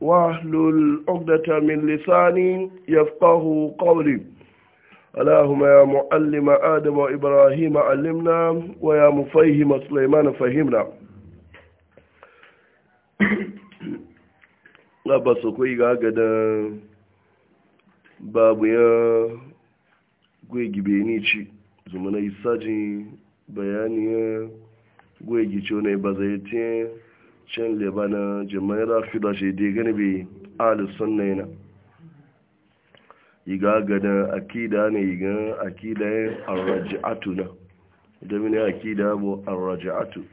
واحلل عقدة من لساني يفقه قولي اللهم يا معلم آدم وإبراهيم علمنا ويا مفهم سليمان فهمنا ba su kai ga gadan babu ya gwegibe ni ci zuma na gwegice ne ba zai tiye can lebana jimai rafi da shi dai gani bai alisun na yana iga gada akida ne iga akida yin arraji'atu na da mini akida bu arrajiatu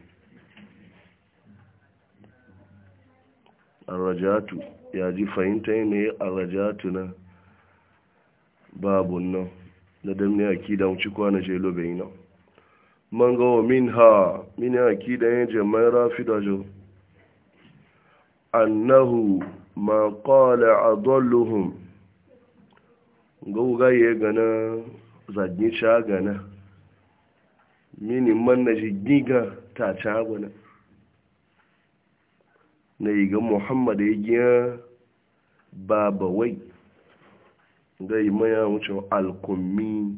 arraji'atu ya ji fahimta yin mai arraji'atu na babu nan na da akida wuce kwana jelo bai yi nan man min ha mini akida yin jimai rafi da shi annahu ma qala adalluhum gauga ya gana zagin sha gana mini man na giga ta ca na yi ga muhammad ya gina baba wai ga yi maya wucin alkummi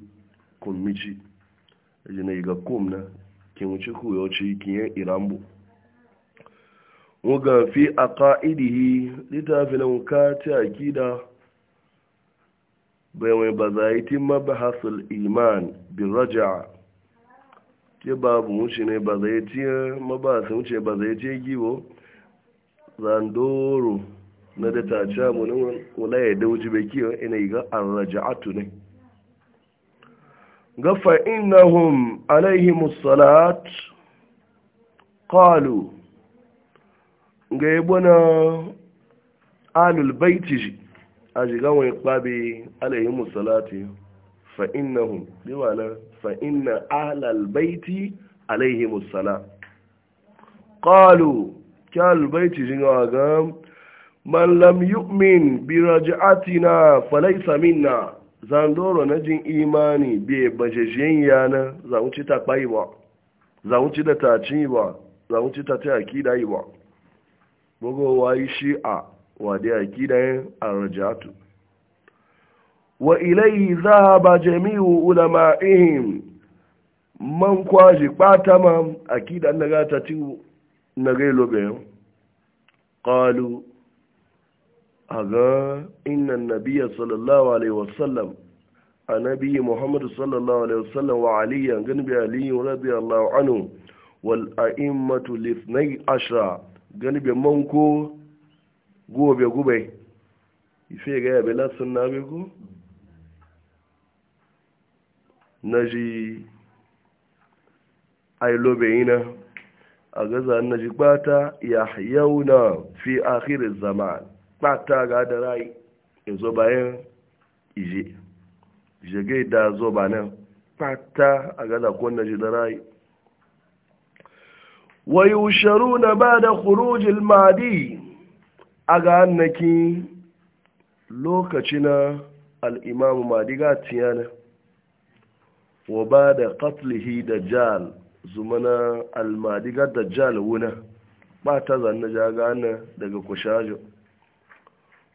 kummici na yi ga kumna kin wuce kuwa wuce kin yan irambu muga fi a ƙa'idihi littafin wuka a akida bai mai ba za yi ti mabahasul iman bin raja ke babu wuce ne ba za yi ti mabahasul wuce ba za yi ti gibo zandoro na da ta ca munin wula ya dauji bai kiyo ina yi ga an raja'atu ne gafa innahum alaihimussalat qalu ga yabo na alul baiti shi a shigan wani kwabe alayhi musalati fa innahum biwa na fa inna alal baiti alayhi musala qalu ki alul baiti shi ga ga man lam yu'min bi raj'atina falaysa minna zandoro na jin imani bai bajejen yana za mu ci ta kwayi ba za mu ci da ta ci ba za ci ta ta akida yi ba bugo wayi shi'a wade akidan arjatu wa ilayhi ba jami'u ulama'ihim man kwaji patama akida naga tati gai lobe qalu A inna an Nabiya sallallahu Alaihi wasallam a nabi muhammad sallallahu Alaihi wasallam wa aliyan Aliyu ali radiyallahu anhu wal a'immatu lithnai ashra gani bai manko gobe gube ife ga yabe lasun na go na ji ailo bayina a gaza na ji bata ya yauna fi akhirin zaman bata ga da rai e zo bayan ije je gai e da zo ba nan bata a gaza ko na ji da rai ويوشرون بعد خروج المعدي أغانكي لوكتنا الإمام مادي غاتيانا وبعد قتله دجال زمنا المادي دجال ونا ما تظن جاغانا دقا كشاج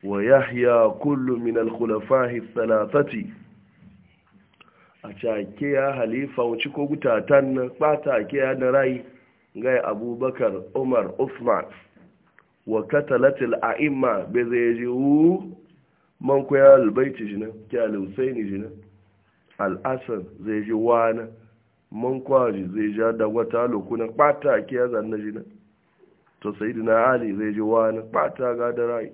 ويحيى كل من الخلفاء الثلاثة a cake ya halifa wuce ko gutatan na ga abubakar umar usman wa katalatil a'imma bai zai ji wu man kwaya albaiti jina kyale husaini jina al'asar zai ji wana man ji zai ji da wata lokuna kpata kiya zanna jina to dina ali zai ji wana kpata ga da rai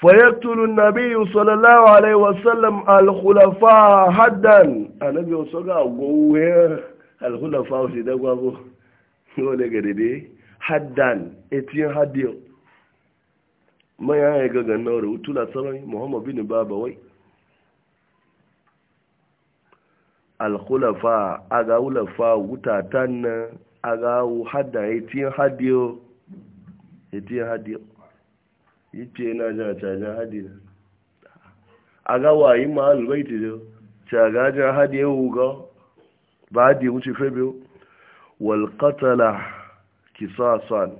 fayaktulu nabiyu sallallahu alaihi wasallam al'khulafa khulafa haddan annabi wasu ga gowe alhulafa wasu dagwabo wani ga dade haddan etiyan haddiyo maya ya ga ganna wuri utula tsaron muhammadu bin baba wai alhulafa aga hulafa wutatan na aga haddan etiyan haddiyo etiyan haddiyo yice na jan cajan haddiyo aga wayi ma alubaiti jo cagan hadiyo wuga ba da wuce febe walƙatala kisasan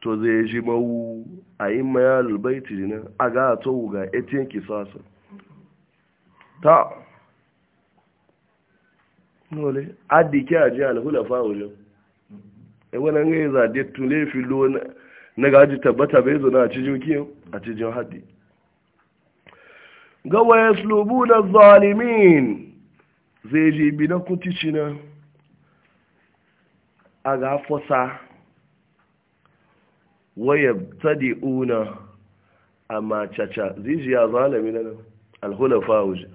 to zai ji mawu a yi maya lubaiti na a ga a ta ga etiyan kisasan ta nole adike a jihar hulafa wajen e wannan ga za de tule filo na gaji tabbata bai zo na cikin kiyo a cikin haddi ga wayaslubu na zalimin zai je bi na kutici na a ga fosa waya tadi una a macaca zijiya zalami na nan alhulafa wuce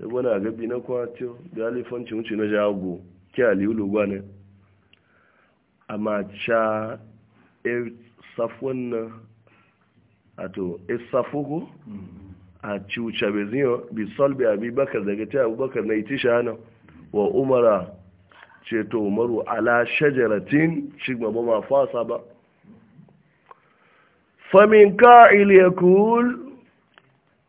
da wani a gabi na kwato galifancin wuce na jago ke aliyu gwanin a maca e safon na ato isafuku mm a ciwuce bai yi bi salbi abubakar daga ta abubakar na iti shana wa umara ceto umaru ala shajaratin shigma ba ma fasa ba famin ka'il ya kul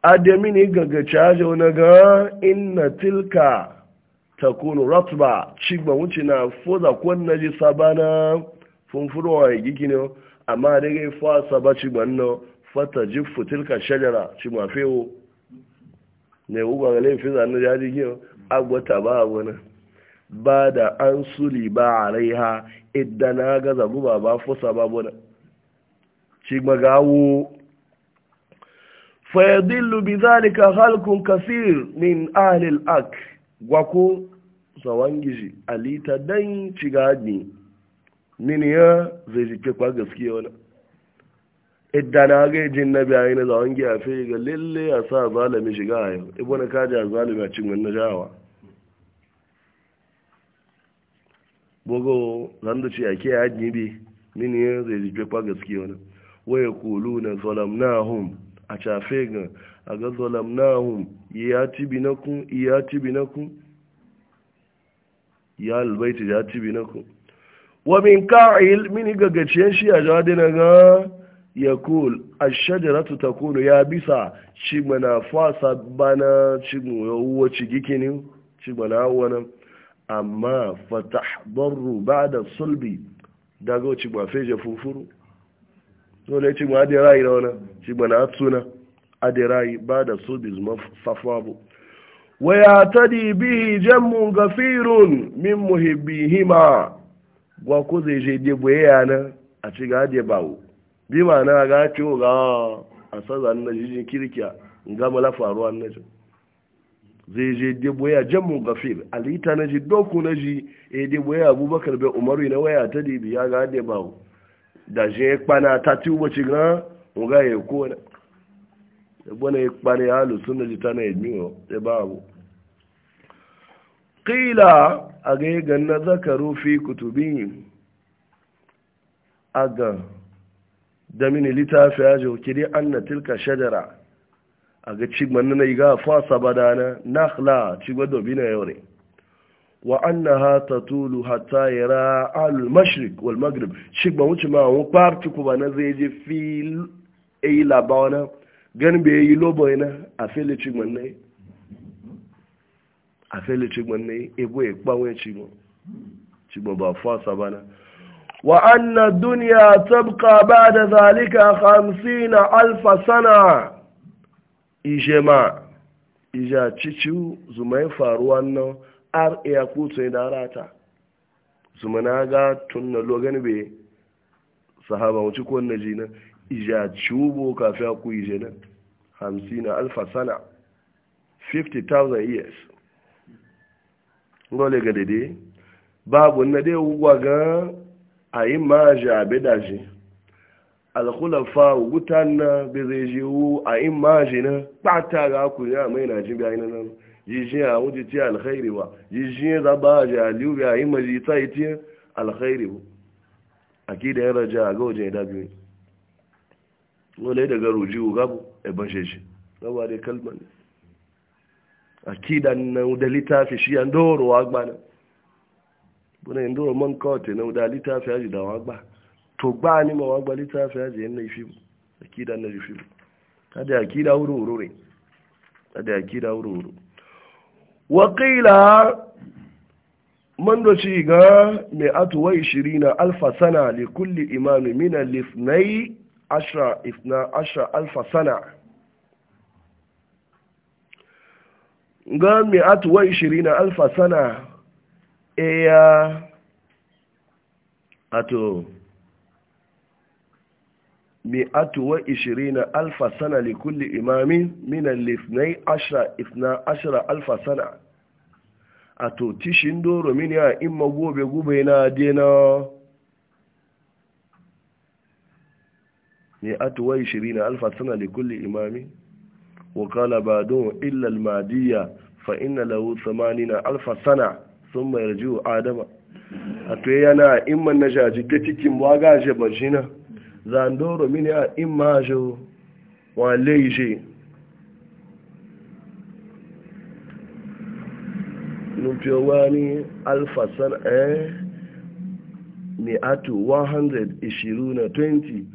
adamini gaga caje wani ga ina tilka ta kunu ratba ma wuce na foza kwanna ji sabana funfuruwa ya gikini amma daga fasa ba ma nan fata jiffu tilka shajara ci fewo ne ugwa ga laifin zanen jari giyan agwata ba wani ba da an suli ba a rai ha idda na ga guba ba ba fusa ba wani ci magawo fayadillu bi zalika halkun kasir min ahlil ak gwako zawangiji alita dan cigadi mini ya zai jike kwa gaskiya wani idan na ga jin na biya na zawon giya fe ga lalle a sa zalimi shiga a yau ibu na kaji a zalimi a cin wani jawa bogo zan da ce a ke hajji bi mini ya zai ji kwa gaske wani waya kulu na zalamnahum a cafe ga a ga zalamnahum ya ci bi na kun ya ci bi na kun ya albaiti ya ci bi na kun wa min ka'il mini gaggaciyen shi a jawa dina ga Yakul, kul a shajaratu ta kunu ya bisa ci mana fasa bana ci wuwa ci gikinin ci mana wani amma fata barru ba da sulbi daga ci ma feje fufuru so ne ci ma adi rayi na wani ci mana atsuna adi rayi ba da sulbi zuma fafabu ويعتدي به جم غفير zai je وكذا يجي دي بيانا أتشي غادي باو bi ma na ga ciwo ga a saza na jijin kirkiya ga malafa ruwan na ji zai je debo ya jammu gafir alita na ji doku na ji e debo ya abubakar bai umaru na waya ta dibi ya ga da bawo da je kpana ta ti ubo ci gan o ga ya ko na ebo na kpana ya lu sunna ji ta na edmi ya ba bawo qila aga ga na zakaru fi kutubin aga da mini litafi ya ji kiri an na tilka shajara a ga cigman na iga fasa badana nakhla cigman dobi na yau ne wa an na ha ta tulu ya ra al-mashrik wal-maghrib cigman wuce ma wani kwarti kuma na zai je fil a yi labawa na ganin bai yi lobo yana a fili cigman na yi a fili cigman na yi ebo ya kpanwe cigman cigman ba fasa bana وأن الدنيا تبقى بعد ذلك خمسين ألف سنة إجماع إجا تشيو زمين فاروان أر إيقوت إداراتا زمين آغا تن لوغن بي صحابة وشكو النجينا إجا تشوبو كافي أكو إجنا خمسين ألف سنة 50,000 years ngole ga dede babu na dai ugwa a yi maji abe da shi alkhulafa wutan na bezejiwu a yi maji na kpata ga ku ya mai na jin bayan nan jijin a wuce ce alkhairi ba jijin za ba ji aliyu ya yi maji ta yi tiyan alkhairi ba a ki da yan raja a ga wajen da biyu wale daga ruji rujiwu gabu ebon sheshi gaba dai kalmar akida na da fi shi an doro agbana buna yin dora man kawata na da littafi yaji da wagba to ba ni ma wagba littafi yaji yin naifi akida na jifi ta da akida wuri-wuri ne ta da akida wuri-wuri wakila man da ga mai atuwa na alfa sana li kulli imami mina lifnai ashra ifna ashra alfa ga mai na alfa eya eh, ato bi ato wa ishirina alfa sana li kulli imamin minan lifnai ithnai ashra ithna ashra alfa sana ato tishin doro min ya imma gobe gube na dena ni ato wa ishirina alfa sana li kulli imamin wakala qala don illa almadiya fa ina lahu 80 alfa sana sun mai raju adama a to yana imman na shaji ga cikin waga shi na zandoro mini a imma shi wa leije nufiyo wani alfasan eh ni atu 120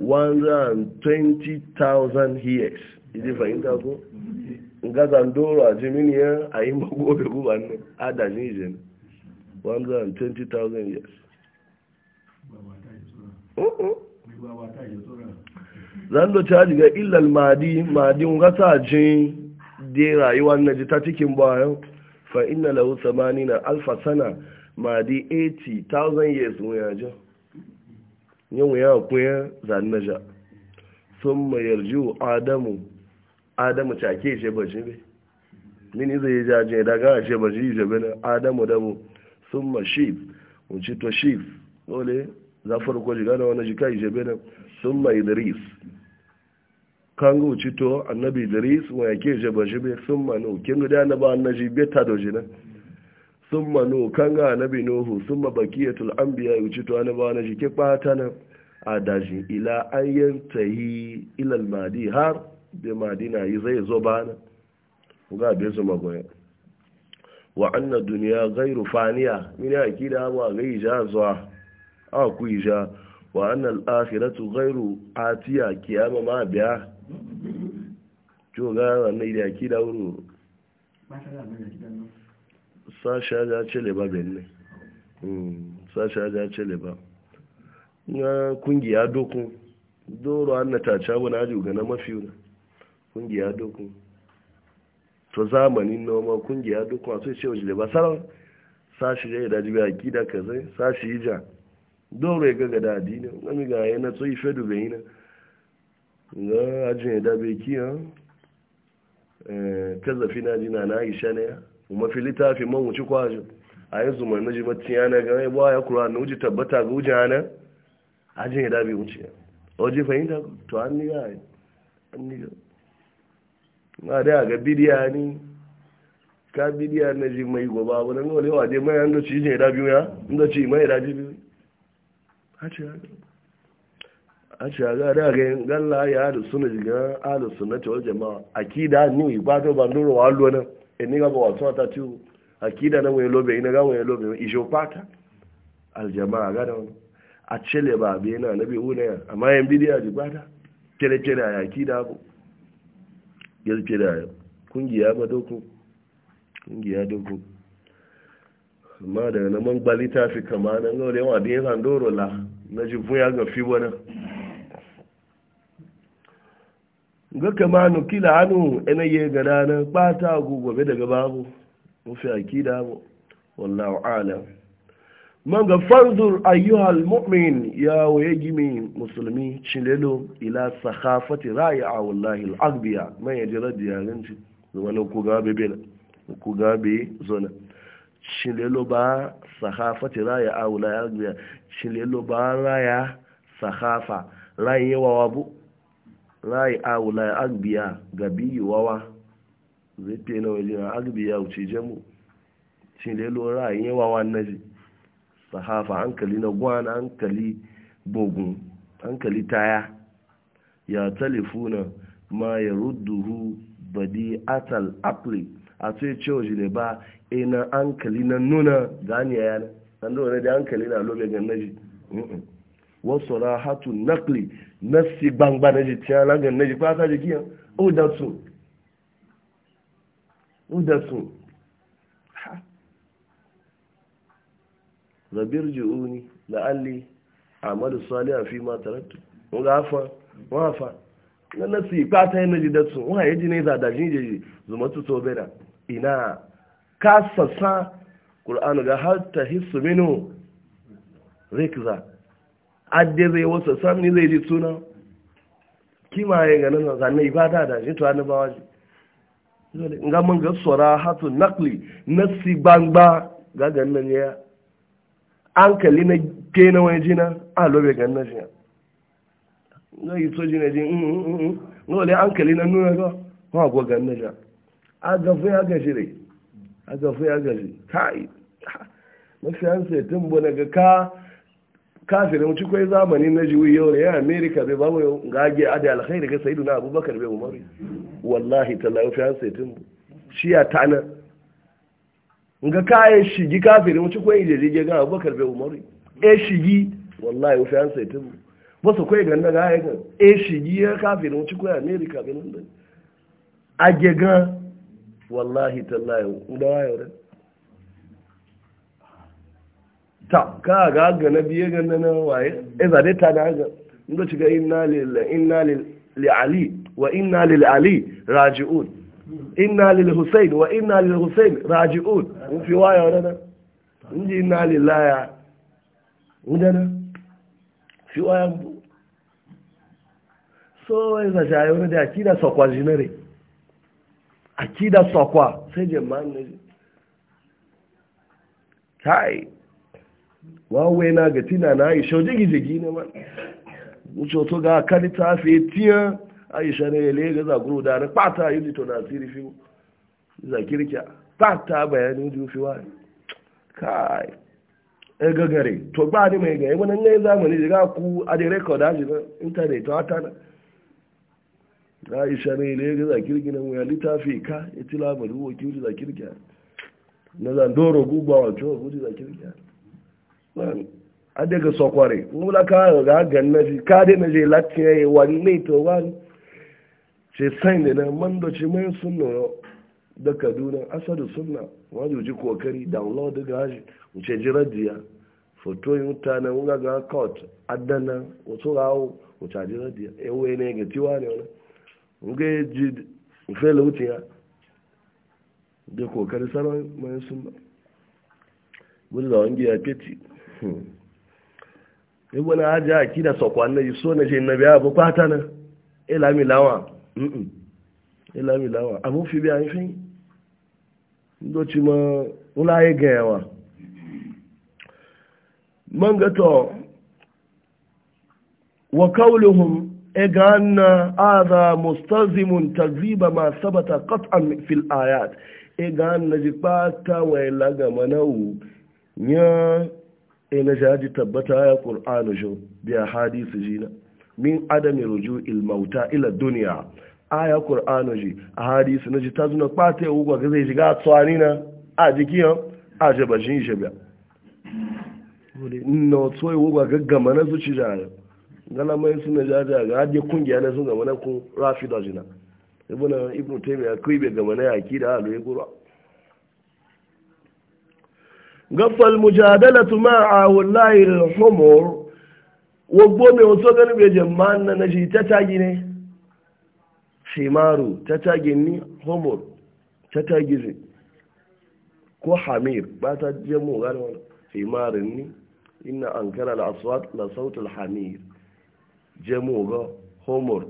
20 120,000 years. Is it for interval? gazan doro a jimini ya a yi magobe guba ne adajin ije ne 120,000 years uh-uh. zando caji ga illa almadi madi ngasa sa de rayuwa na ji ta cikin bayan fa inna lahu samanina sana madi 80,000 years wuya ja yin wuya kuya zanen ja sun mayarji adamu adamu cake ishe bashi ne mini zai yi jaje daga ishe bashi ishe bai adamu damu sun ma shif unci to shif dole za farko jiga da wani jika ishe bai sun ma idris kan ga unci to annabi idris wa ke ishe bashi bai sun ma nuhu kin gudu na ba annabi bai ta doji na sun ma nuhu kan ga annabi nuhu sun ma bakiyatul anbiya unci to na ba annabi ke kpata na a daji ila an yantahi ilal madi har bai madina yi zai zo ba na ga bai su magoya wa anna duniya gairu faniya mini akida wa gai ja zuwa a ku ja wa anna al-akhiratu gairu atiya kiyama ma biya to ga wannan da akida wuru sasha ja cele ba benne hmm, sasha ja cele ba na kungiya dokun doro annata cabu na ajiyu ga na mafi wuna kungiya dokun to zamani noma kungiya dokun a sun ce wajen ba sarar sashi ya yi daji a akida ka zai sashi yi ja doro ya gaga da adini wani ga ya na tsoyi fedu bai eh, na ga ajin ya da bai kiya kazafi na jina na aisha ne ya mafi littafi man wuce kwajin a yanzu mai na ji jimatin yana ga ya ba ya kura na wuce tabbata ga wuce hana ajin ya da bai wuce ya waje fahimta to an niga an niga ma da ga bidiya ka bidiya na ji mai goba abu nan gole wa mai an da ci ne da biyu ya an da ci mai da biyu a ce a ga da galla ya da suna jiga alu sunnati wal ma akida ni ibadan bandoro wa allo nan eni ga ba wato ta ci akida na wani lobe ina ga wani lobe ijo pata al wani a cele ba bi na nabi una amma yan bidiya ji bada a abu girke da kungiya ba doku kungiya doku amma daga na man gbali ta fi kama nan ga yawan abin yakan doro la na jifun ya ga fi wani ga kama nukila hannu ina yi gada na ba ta gobe daga babu mafi akida mu wallawa alam man ga fanzur ayyuhal mu'min ya waye gimi musulmi cilelo ila sakhafati ra'i'a wallahi al'agbiya man yaji radiya ganci zama na kuga be bela kuga be zona cilelo ba sakhafati ra'i'a wallahi al'agbiya cilelo ba raya sakhafa rayi wawa bu ra'i'a wallahi al'agbiya gabi wawa zai fe na wajen agbiya uci jamu cilelo rayi wawa naji sahafa hankali na gwan hankali bugun hankali taya ya talifuna ma ya rudduhu badi atal apli a tsaye cewa shi ne ba ina hankali na nuna ya yana an da wani da hankali na lobe gan na ji wasu rahatu nakli nasi gbangba na ji tiya na gan na ji kwasa o da udatu zabir ji'uni la'alli amadu saliha fi ma tarattu mun ga afa mun afa na nasu ipata yana ji da sun wa yaji ne za da jin je zuma tu to beda ina ka sassa qur'anu ga har ta hissu minu rikza adde zai wasa sam ni zai ji suna kima ya ga nan yi ibada da shi to ba ji nga man ga sura hatu nakli nasi bangba ga ganin ya kalli na ke na wani jina a lobe gan na jina na yi so jina jin mm, mm, mm, an kalli na nuna ga ma go gan na jina a gafu ya gashi rai a gafu ya gashi kai mafi an sai tumbo na ga ka kafirin mu cikwai zamani na jiwu yau da yan amerika bai ba ga gage adi alkhairi ga sayyiduna abubakar bai umaru wallahi tallahi fi an sai tumbo shi ya tana nga kaye shigi kafirin wuce kwaye da rige ga abubakar bai umaru e shigi wallahi wuce an sai tun ba su kwaye ganin ga haika e shigi ya kafirin wuce kwaye amerika ganin da a gega wallahi tallahi da wayo da ta ka ga ga na biye ga na waye e, e zade ta na ga inda shiga inna inna lil ali wa inna lil ali raji'un inna lil wa inna lil raji'un mun fi waya wannan mun ji inna lillahi mun fi waya mu so eza jayo ne da akida sokwa jinere akida sokwa sai je man ne kai wawe na ga tina na yi jigi jigi man ga kalita fi aisha ne ya lega za guru da na pata yi lito na asiri fi za kirkiya pata bayanin ju fi wa kai e gagare to ba ni mai gaya wani ne zamani da ku a di rekoda shi na intanet to ta na aisha ne lega za kirki na ya litafi ka itila e malu wa kiyu za kirkiya na zandoro guba wa cewa guji za kirkiya a daga sokware mula ka ga gannaji ka dai na je latin yayi wanne to wani ce sain da na man da ci mai sunna da kaduna asadu sunna wajen ji kokari download ga haji wuce ji radiya foto yi mutane wuga ga court adana wasu rawo wuce ji radiya ewe ne ga tiwa ne wani wuga ji fela wuce ya da kokari sama mai sunna gudu da wangi ya feti ibn haji akida sakwanna yi so na je nabi abu kwata na ilami lawa ilamilawa a mafi biya doci ma wulaye ga yawa man gato wa kauluhum aza mustazimun tagziba ma sabata qat'an fil ayat eganna jibata wa ilaga manau nya ina jaji tabbata ya qur'anu jo a hadisi jina min adami ruju'il mauta ila duniya aya qur'ano ji a hadisu na ji ta zuna kwata ya ugwa zai shiga tsani na a jiki jikiyan a jabashin shabiya na otu ya ga gama na zuci jari jare galamai suna jari ga hajji kungiya na sun gama na kun rafi da jina ibu na ibu taimi kai kribe gama na yaki da halu ya kura gafal mujadalatu ma'a wallahi al-humur wogbo mai wato ganin bai jama na na shi ta tagi ne shimaru ta tagi ni homer ta tagi zi ko hamir ba ta je mu gani wani shimarin ni ina an kara la aswat la sautul hamir je mu ga homor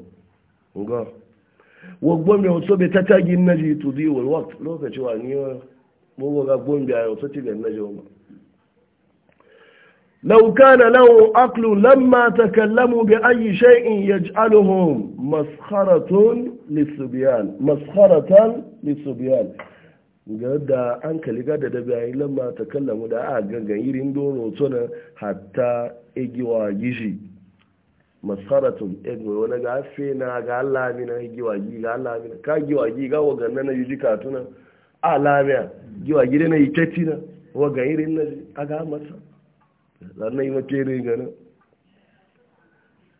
ga wogbo mai wato bai ta tagi na shi to di wal wakt lokaci wa ni mu ga gombe a yau ta na shi لو كان له عقل لما تكلموا بأي شيء يجعلهم مسخرة للصبيان مسخرة للصبيان gada an kali da da bayan lamma ta kallamu da a gangan irin doro suna hatta igiwa gishi masaratun egwe wani gafe na ga alamina igiwa gi ga na ka giwa gi ga waganna na yuji katuna alamiya giwa gi na yi tetina wagan irin na aga masa ranar yi makere gana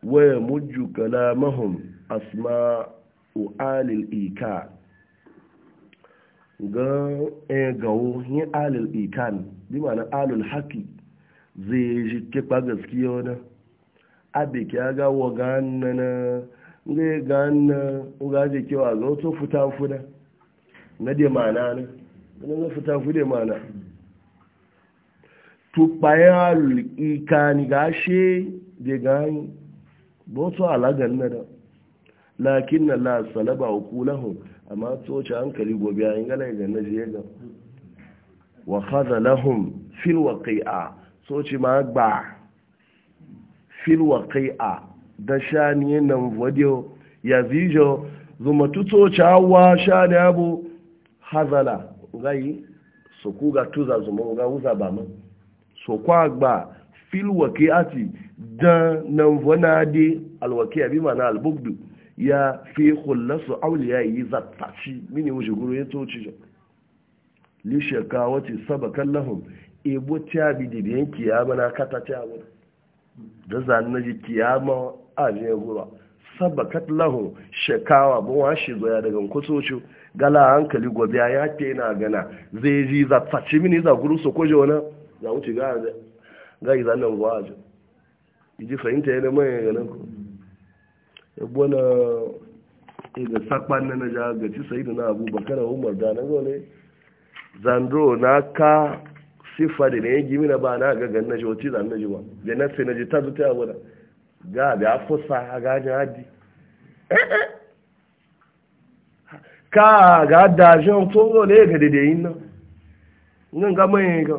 waya mujju kalamahum asma alil ika ga e gawo ni alil ikan bi ma'ana alil haƙi zai ji kekpa gaskiya wani abe ki aga wa ganna na ga ganna ga je kewa ga wato futa fuda na de ma'ana na ga futa ma'ana tupayen ikani gashe da gani ba su alagan na da lakin na la salaba hukulahun amma tsoci hankali gobe an gana ga na je ga wa khadha lahum fil waqi'a tsoci ma gba fil waqi'a da shani nan wadiyo ya zijo zuma tu tutsoci hawa shani abu hazala gai su kuga tuza zuma ga uza ba mun so kwa gba fil waqi'ati dan nan vona de al waqi'a bi mana al ya fi khullasu awliya yi zattaci mini wuje guru ya toci jo li shakawati sabakan lahum ebo bi da biyan kiyama na kata abu da zan naji kiyama a je guru sabakat lahu shakawa ba wa shi zoya daga kusoci gala hankali gobe ya yana gana zai ji zattaci mini za guru su koje wani za wuce ga yi zanen gwajo iji fahimta yana mai ganin ku ya na ga eh, sakpan na naja ga ci sai da na abu bakara umar da na gole zandro na ka sifa da ne gimi na ba na ga gan na joti zan na jiwa da na sai na ji ta zuta abu da ga bi a fusa hadi eh, eh. ka ga da jan gole ga dedeyin nan nan ga mai ga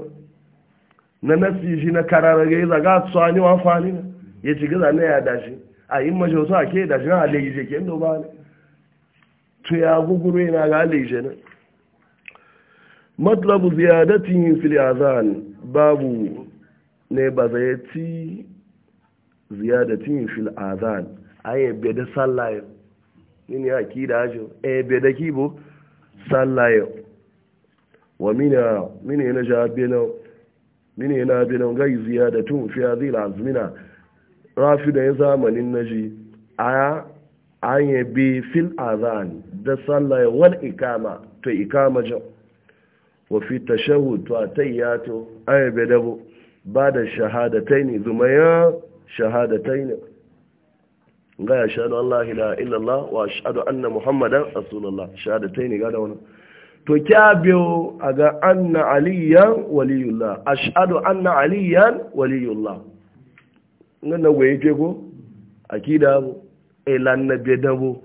na nasi shi na za ga su ani wa fani na ya ci gaza na ya dashi a yi mashi wasu a ke dashi na alayi je ke ndo ba ne to ya guguru yana ga alayi je na matlabu ziyadatin fili azan babu ne ba zai ci ziyadatin fili azan a yi da sallaye ni ya ki da ajo e be da kibo sallaye wa mina mina yana jabe na mini na binan gai da tun fiya zila azmina rafi da ya zamanin naji aya anye bi fil azan da sallah wal ikama to ikama jo wa fi tashahud to An ay dabo. ba da shahadatayn zumaya ne. ga ya shahadu Allah ila illallah wa ashhadu anna muhammadan rasulullah shahadatayn ga da wannan to kyabiyo a ga anna aliyan waliyullah ashadu anna aliyan waliyullah nan na gwaye ke a kida bu ilan e na bedan bu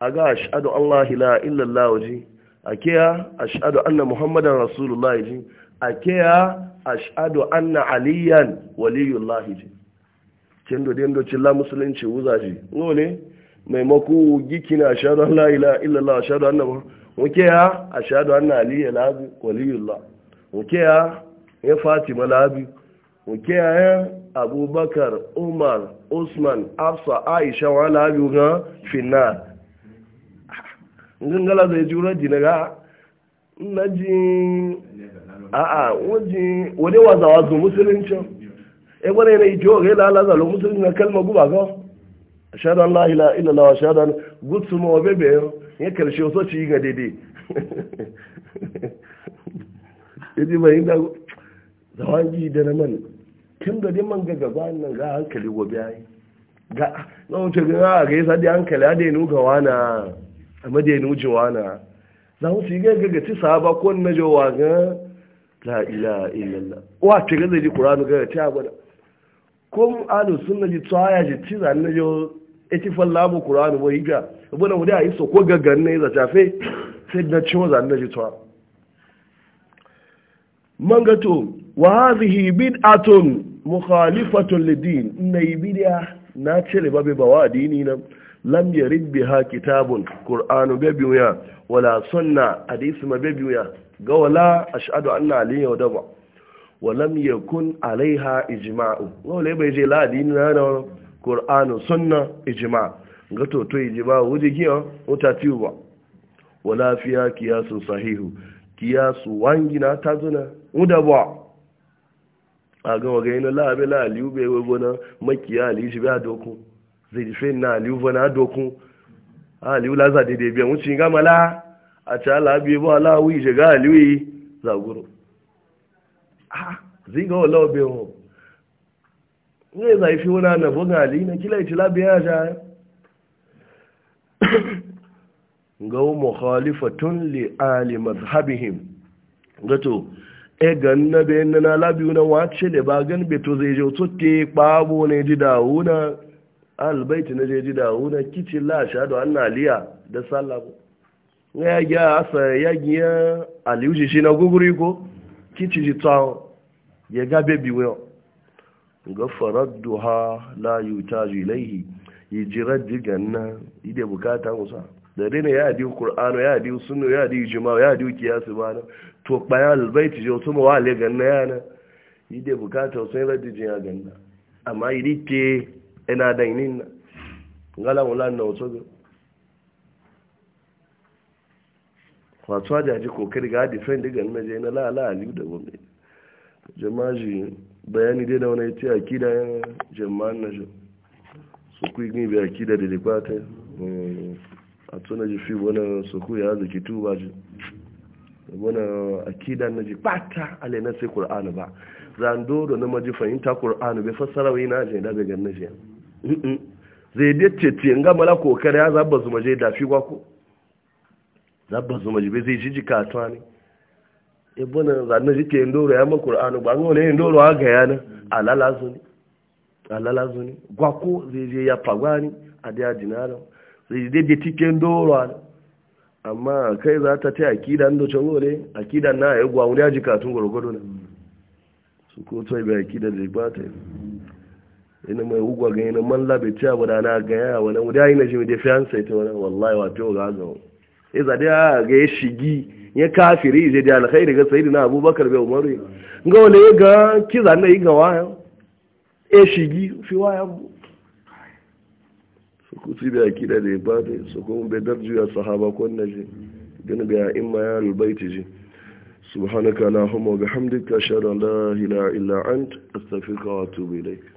a ga ashadu allah la illallah ji. a kiya ashadu anna muhammadan rasulullah ji a kiya ashadu anna aliyan waliyullah ji Kendo do den do cilla musulunci wuza ji ngole maimako gikina ashadu allah ila illallah ashadu anna muhammadan wuke ya a shaɗu an na aliyu labi waliyullah ya ya fatima labi wuke ya ya abubakar umar usman afsa aisha wa labi ga finna ngangala zai jura jina ga na ji a'a wajen wani wazawa musulunci e na yana ito ga ila alaza lo musulunci na kalma guba ga shaɗu an la ila ila la wa shaɗu gutsu ma wa bebe ya karshe so ci ga daidai ya ji da inda ji da na man kin da dimman man ga gaba nan ga hankali gobe yi ga na wuce ga ga yasa da hankali a da ga wana a madainu ji wana za mu ci gaga ga ci sahaba ko na jowa ga la ilaha illallah wa ce ga zai ji qur'ani ga abu da ko alu sunna ji tsawaya ji ci zan na jo eti fallabu qur'anu bo higa bana mu yi so ko gaggan ne za ta fe sai da ciwo na ji to mangato wa hadhihi bid'atun mukhalifatun lidin nay bid'a na cire babe bawa dini nan lam yarid biha kitabun qur'anu babiya wala sunna hadisi ma babiya ga wala ashhadu anna aliyya wa daba wa lam yakun alaiha ijma'u wala bai je la dini na ƙor'anu suna ijima ga toto ijima wuji giyan wuta tiwa wa lafiya kiyasun sahihu kiyasu wangina ta zuna wuda ba a gama ga yana la'abe la'aliyu bai wago na makiya aliyu shi bai doku zai jife na aliyu ba na doku aliyu laza daidai biyan wuce gama la a ci alabi ba la'awi shiga aliyu zaguru ah, zai ga wala obin zai zaifi wuna na bugali na kila iti labiya ja ga mukhalifatun li ali mazhabihim gato e ganna be na labiyu wa wace da ba gan be to zai je to te kpabo ya e ji da wuna albaiti na je ji da wuna kici la shaɗu an aliya da sallabu ya ga asa ya giya aliyu shi na guguri ko kici ji tsawon ya ga bebi wo ga faradduha la yutaju ilaihi hijirar digan nan ide bukata musa da dai ya adi qur'ano ya adi sunna ya adi ijma ya adi qiyas ba na to bayan albayt je to ma wale ganna yana ide bukata sun raddi jin ya ganna amma idike ina da inin ngala wala na wato wato da ji kokari ga defend digan na je na la la aliu da gombe jama'a bayani dai da wani ya ce kida yan jama'an na shi su ku yi a kida da dipata a tuna ji fi wani su kuyi ya zaki tuba ji wani a kida na ji bata alina sai kur'anu ba zando da na maji fahimta kur'anu bai fassara wani na je da bai ganna je zai dai tete nga mala kokari ya zaba zuma je dafi fi zaba zuma je bai zai ji jikatuwa ne ibuna zanna jike ndoro ya makur'anu ba ngo ne ndoro aga yana alala zuni alala zuni gwako zai ya pagwani adiya dinaro zai je de tike ndoro ala amma kai za ta ta akida ndo chongo ne akida na ya gwa wuri ajika tun gorogodo ne su ko to ba akida da ba ta ina mai ugwa ga ina man labe ta ba da na ga ya wani wuri ayi na jimi da fiance ta wani wallahi wa to ga ga iza da ga shigi ya kafiri je da alkhairi ga sayyidina abubakar bai umaru ga wani ya ga kiza na yi ga waya e shigi fi waya bu su kusi da akida da ba da su ko be darju ya sahaba ko na je gani bi imma ya albayti je subhanaka allahumma wa bihamdika ashhadu an la ilaha illa anta astaghfiruka wa atubu ilaik